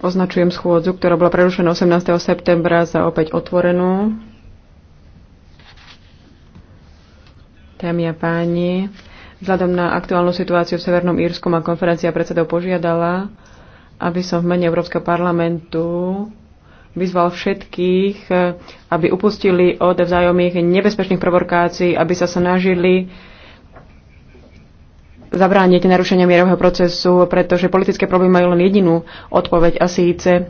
Označujem schôdzu, ktorá bola prerušená 18. septembra za opäť otvorenú. Dámy a páni, vzhľadom na aktuálnu situáciu v Severnom Írsku ma konferencia predsedov požiadala, aby som v mene Európskeho parlamentu vyzval všetkých, aby upustili od vzájomných nebezpečných provokácií, aby sa snažili zabrániť narušenia mierového procesu, pretože politické problémy majú len jedinú odpoveď a síce e,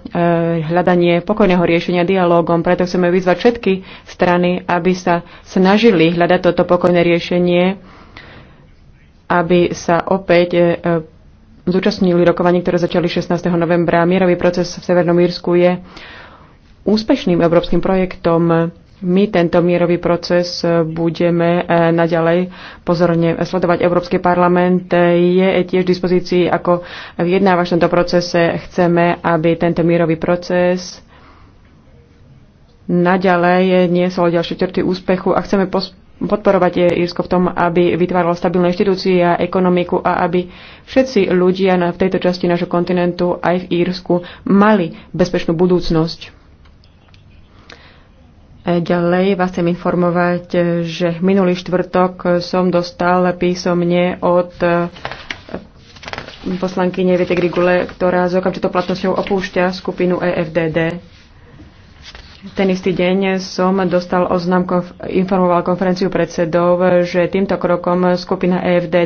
hľadanie pokojného riešenia dialogom. Preto chceme vyzvať všetky strany, aby sa snažili hľadať toto pokojné riešenie, aby sa opäť e, e, zúčastnili rokovaní, ktoré začali 16. novembra. Mierový proces v Severnom Írsku je úspešným európskym projektom my tento mierový proces e, budeme e, naďalej pozorne sledovať. Európsky parlament e, je tiež v dispozícii ako vyjednávač v tomto procese. Chceme, aby tento mierový proces naďalej niesol ďalšie črty úspechu a chceme podporovať Írsko v tom, aby vytváralo stabilné inštitúcie a ekonomiku a aby všetci ľudia v tejto časti nášho kontinentu aj v Írsku mali bezpečnú budúcnosť. Ďalej vás chcem informovať, že minulý štvrtok som dostal písomne od eh, poslanky Nevite Grigule, ktorá s okamžitou platnosťou opúšťa skupinu EFDD. Ten istý deň som dostal oznam, informoval konferenciu predsedov, že týmto krokom skupina EFDD